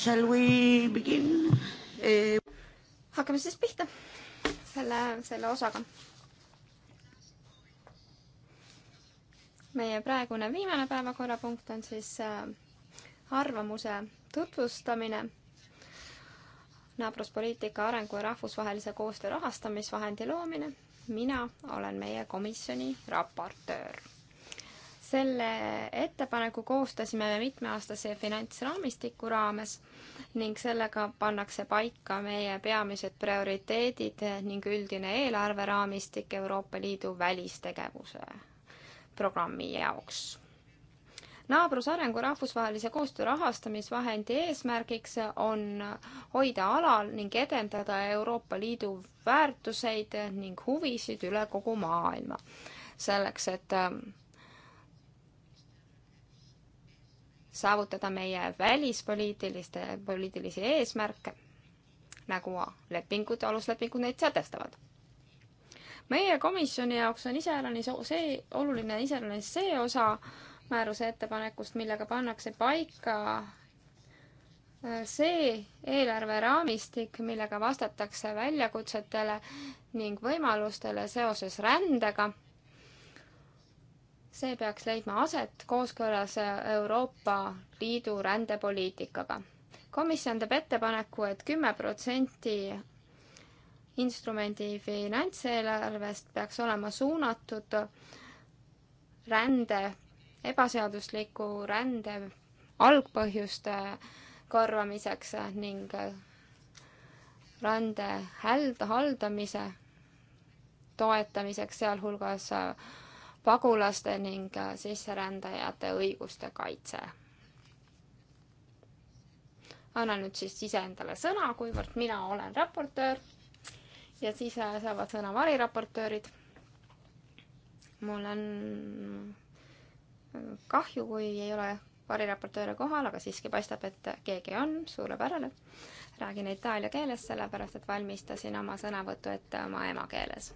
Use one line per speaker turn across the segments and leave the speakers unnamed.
Shall we begin e? hakkame siis pihta selle, selle osaga. meie praegune viimane päevakorrapunkt on siis äh, arvamuse tutvustamine naabruspoliitika arengu ja rahvusvahelise koostöö rahastamisvahendi loomine. mina olen meie komisjoni raportöör selle ettepaneku koostasime me mitmeaastase finantsraamistiku raames ning sellega pannakse paika meie peamised prioriteedid ning üldine eelarveraamistik Euroopa Liidu välistegevuse programmi jaoks. naabrusarengu rahvusvahelise koostöö rahastamisvahendi eesmärgiks on hoida alal ning edendada Euroopa Liidu väärtuseid ning huvisid üle kogu maailma. selleks, et ähm, saavutada meie välispoliitiliste, poliitilisi eesmärke, nagu lepingud, aluslepingud neid sätestavad. meie komisjoni jaoks on iseäranis see, oluline iseäranis see osa määruse ettepanekust, millega pannakse paika äh, see eelarveraamistik, millega vastatakse väljakutsetele ning võimalustele seoses rändega see peaks leidma aset kooskõlas Euroopa Liidu rändepoliitikaga. komisjon teeb ettepaneku et, et kümme protsenti instrumendi finantseelarvest peaks olema suunatud rände, ebaseadusliku rände algpõhjuste korvamiseks ning rände häld-, haldamise toetamiseks, sealhulgas pagulaste ning äh, sisserändajate õiguste kaitse. annan nüüd siis iseendale sõna, kuivõrd mina olen raportöör ja siis äh, saavad sõna variraportöörid. mul on äh, kahju, kui ei ole variraportööre kohal, aga siiski paistab, et keegi on, suurepärane. räägin itaalia keeles, sellepärast et valmistasin oma sõnavõttu ette oma emakeeles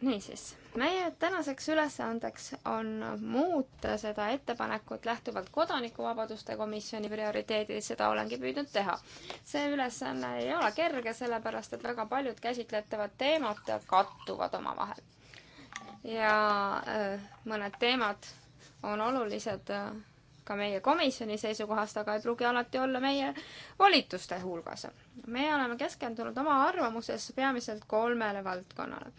niisiis, meie tänaseks ülesandeks on muuta seda ettepanekut lähtuvalt Kodanikuvabaduste komisjoni prioriteedist, seda olengi püüdnud teha. see ülesanne ei ole kerge, sellepärast et väga paljud käsitletavad teemad kattuvad omavahel. ja äh, mõned teemad on olulised äh, ka meie komisjoni seisukohast, aga ei pruugi alati olla meie volituste hulgas. me oleme keskendunud oma arvamuses peamiselt kolmele valdkonnale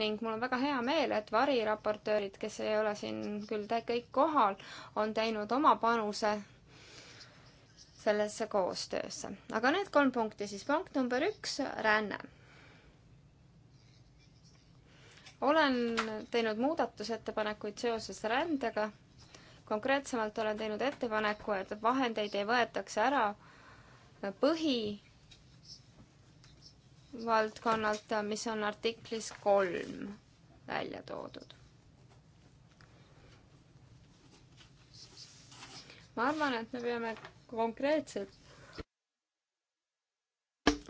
ning mul on väga hea meel, et variraportöörid, kes ei ole siin küll kõik kohal, on teinud oma panuse sellesse koostöösse. aga need kolm punkti siis. punkt number üks, ränne olen teinud muudatusettepanekuid seoses rändega konkreetsemalt olen teinud ettepaneku, et vahendeid ei võetaks ära põhivaldkonnalt, mis on artiklis kolm välja toodud. ma arvan, et me peame konkreetselt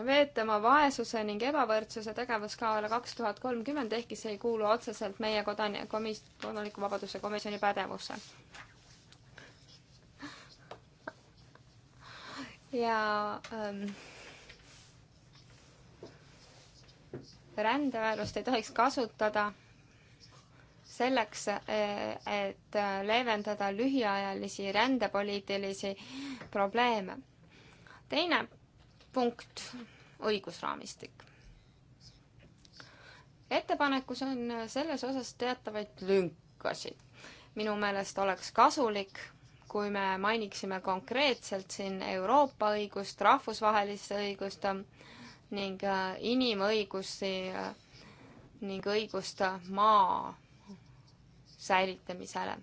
veetama vaesuse ning ebavõrdsuse tegevuskavale kaks tuhat kolmkümmend, ehkki see ei kuulu otseseselt meie kodan-, komis-, kodanikuvabaduse komisjoni pädevusse. ja ähm, rändeväärust ei tohiks kasutada selleks, e, et äh, leevendada lühiajalisi rändepoliitilisi probleeme. teine punkt, õigusraamistik. ettepanekus on selles osas teatavaid lünkasid. minu meelest oleks kasulik kui me mainiksime konkreetselt siin Euroopa õigust, rahvusvahelist õigust äh, ning äh, inimõigusi äh, ning õigust maa säilitamisele.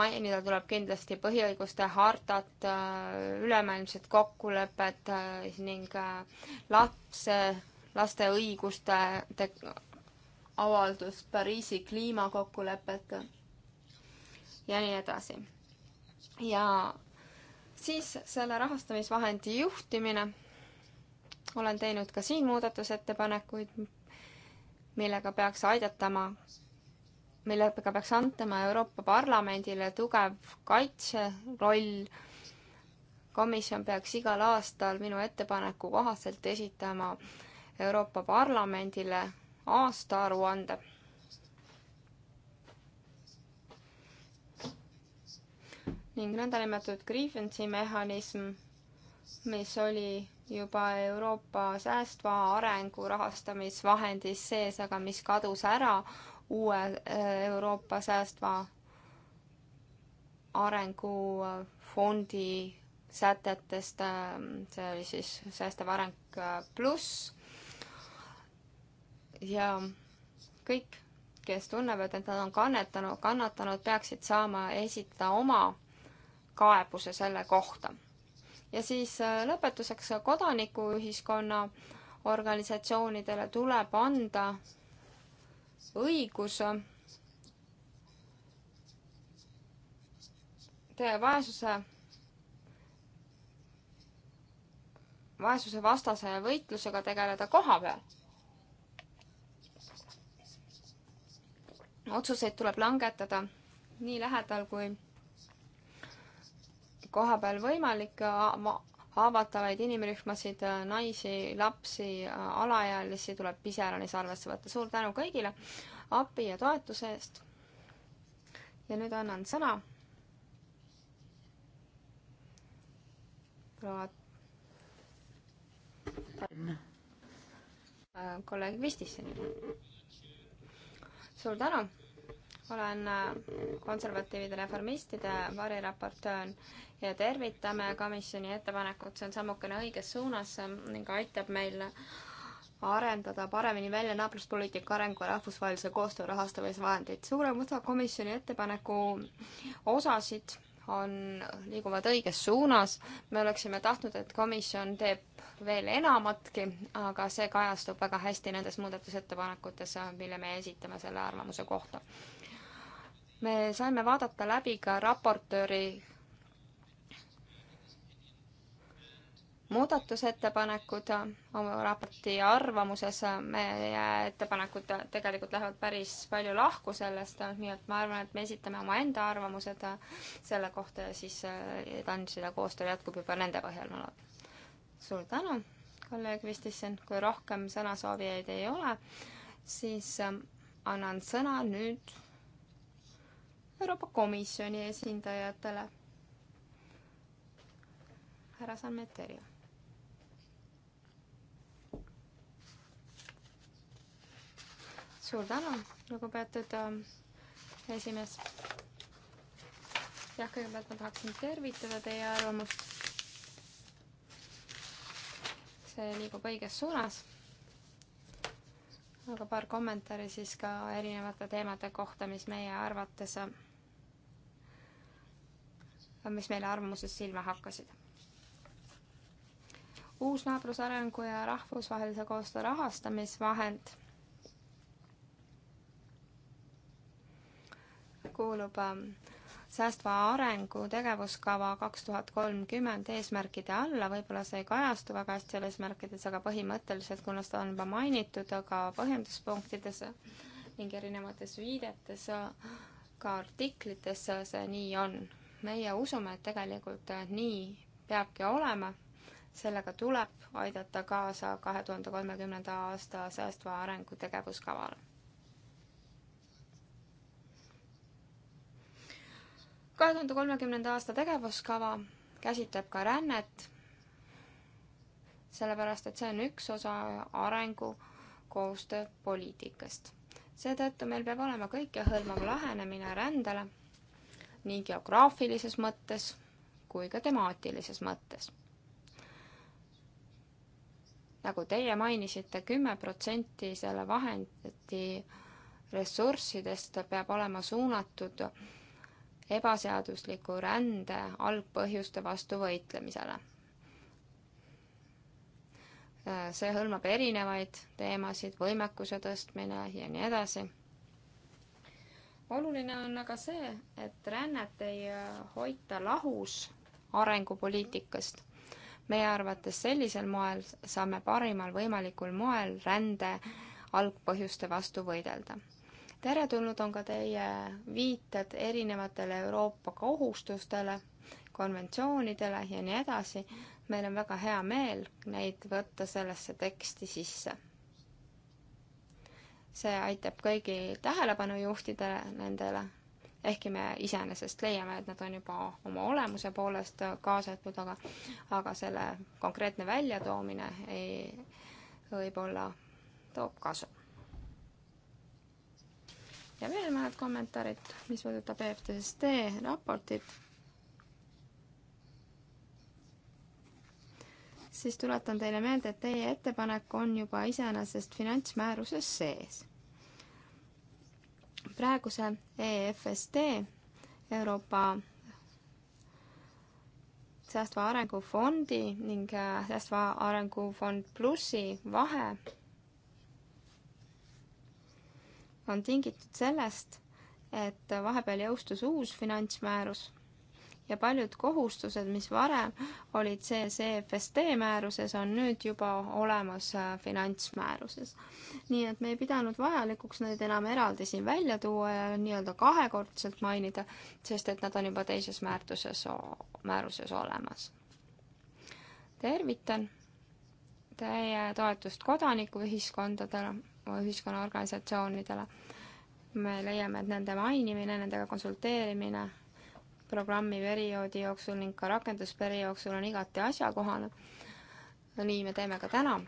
mainida tuleb kindlasti põhiõiguste hartat, ülemaailmset kokkulepet ning lapse, laste õiguste avaldust, Pariisi kliimakokkulepet ja nii edasi ja siis selle rahastamisvahendi juhtimine. olen teinud ka siin muudatusettepanekuid, millega peaks aidatama, millega peaks antama Euroopa Parlamendile tugev kaitseroll. komisjon peaks igal aastal minu ettepaneku kohaselt esitama Euroopa Parlamendile aastaaruande ning nõndanimetatud grievance'i mehhanism, mis oli juba Euroopa säästva arengu rahastamisvahendis sees, aga mis kadus ära uue äh, Euroopa säästva arengufondi äh, sätetest, ähm, see oli siis säästev areng äh, pluss. ja kõik, kes tunnevad, et nad on kannatanud, kannatanud, peaksid saama esitada oma kaebuse selle kohta. ja siis äh, lõpetuseks äh, kodanikuühiskonna organisatsioonidele tuleb anda õigus äh, vaesuse, vaesusevastase võitlusega tegeleda koha peal otsuseid tuleb langetada nii lähedal kui kohapeal võimalik äh, haavatavaid inimrühmasid, äh, naisi, lapsi, äh, alaealisi tuleb pisaranis arvesse võtta. suur tänu kõigile abi ja toetuse eest. ja nüüd annan sõna. kolleeg Vistissonile. suur tänu olen äh, konservatiivide reformistide variraportöör ja tervitame komisjoni ettepanekut, see on sammukene õiges suunas ähm, ning aitab meil arendada paremini välja naabruspoliitika arengu ja rahvusvahelise koostöö rahastamisvahendeid. suurem osa komisjoni ettepaneku osasid on, liiguvad õiges suunas. me oleksime tahtnud, et komisjon teeb veel enamatki, aga see kajastub väga hästi nendes muudatusettepanekutes, mille me esitame selle arvamuse kohta me saime vaadata läbi ka raportööri muudatusettepanekud oma raporti arvamuses, meie ettepanekud tegelikult lähevad päris palju lahku sellest, nii et ma arvan, et me esitame omaenda arvamused selle kohta ja siis eh, TAN-side koostöö jätkub juba nende põhjal, ma loodan. suur tänu, kolleeg Vistisson, kui rohkem sõnasoovijaid ei ole, siis eh, annan sõna nüüd Euroopa Komisjoni esindajatele. härra Salmeteri. suur tänu, lugupeetud ähm, esimees. jah, kõigepealt ma tahaksin tervitada teie arvamust. see liigub õiges suunas aga paar kommentaari siis ka erinevate teemade kohta, mis meie arvates, mis meile arvamuses silma hakkasid. uus naabrusarengu ja rahvusvahelise koostöö rahastamisvahend kuulub ähm, säästva arengu tegevuskava kaks tuhat kolmkümmend eesmärkide alla, võib-olla see ei kajastu väga hästi seal eesmärkides, aga põhimõtteliselt, kuna seda on juba mainitud ka põhjenduspunktides ning erinevates viidetes, ka artiklites see nii on. meie usume, et tegelikult nii peabki olema sellega tuleb aidata kaasa kahe tuhande kolmekümnenda aasta säästva arengu tegevuskavale. kahe tuhande kolmekümnenda aasta tegevuskava käsitleb ka rännet, sellepärast et see on üks osa arengu koostööpoliitikast. seetõttu meil peab olema kõikehõlmav lähenemine rändele nii geograafilises mõttes kui ka temaatilises mõttes. nagu teie mainisite, kümme protsenti selle vahendi ressurssidest peab olema suunatud ebaseadusliku rände algpõhjuste vastu võitlemisele. see hõlmab erinevaid teemasid, võimekuse tõstmine ja nii edasi. oluline on aga see, et rännet ei hoita lahus arengupoliitikast. meie arvates sellisel moel saame parimal võimalikul moel rände algpõhjuste vastu võidelda teretulnud on ka teie viited erinevatele Euroopa kohustustele, konventsioonidele ja nii edasi. meil on väga hea meel neid võtta sellesse teksti sisse. see aitab kõigil tähelepanu juhtida nendele, ehkki me iseenesest leiame, et nad on juba oma olemuse poolest kaasatud, aga aga selle konkreetne väljatoomine ei, võib-olla toob kasu ja veel mõned kommentaarid, mis puudutab EFTSD raportit. siis tuletan teile meelde, et teie ettepanek on juba iseenesest finantsmääruses sees. praeguse EFSD Euroopa säästva arengufondi ning säästva arengufond plussi vahe on tingitud sellest, et vahepeal jõustus uus finantsmäärus ja paljud kohustused, mis varem olid CCFSD määruses, on nüüd juba olemas äh, finantsmääruses. nii et me ei pidanud vajalikuks neid enam eraldi siin välja tuua ja nii-öelda kahekordselt mainida, sest et nad on juba teises määruses, määruses olemas. tervitan teie toetust kodanikuühiskondadele ühiskonnaorganisatsioonidele. me leiame, et nende mainimine, nendega konsulteerimine programmi perioodi jooksul ning ka rakendusperioodi jooksul on igati asjakohane. no nii me teeme ka täna.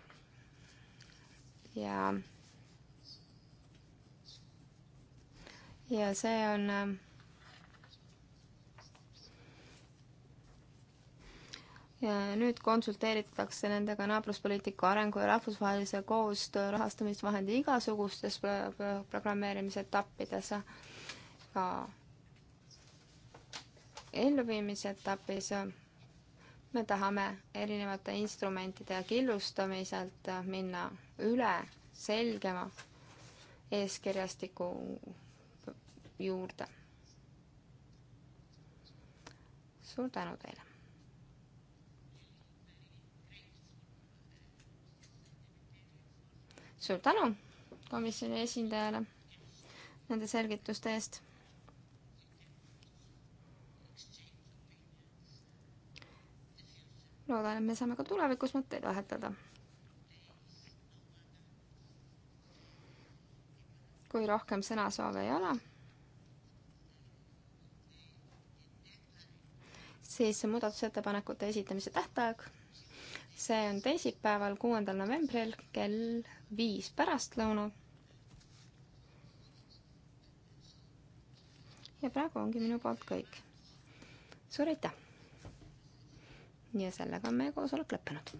ja ja see on äh, ja nüüd konsulteeritakse nendega naabruspoliitika arengu ja rahvusvahelise koostöö rahastamisvahendi igasugustes programmeerimise etappides, ka elluviimise etapis. me tahame erinevate instrumentide killustamiselt minna üle selgema eeskirjastiku juurde. suur tänu teile! suur tänu komisjoni esindajale nende selgituste eest. loodan, et me saame ka tulevikus mõtteid vahetada. kui rohkem sõnasoove ei ole, siis muudatusettepanekute esitamise tähtaeg see on teisipäeval, kuuendal novembril kell viis pärastlõunal. ja praegu ongi minu poolt kõik. suur aitäh! ja sellega on meie koosolek lõppenud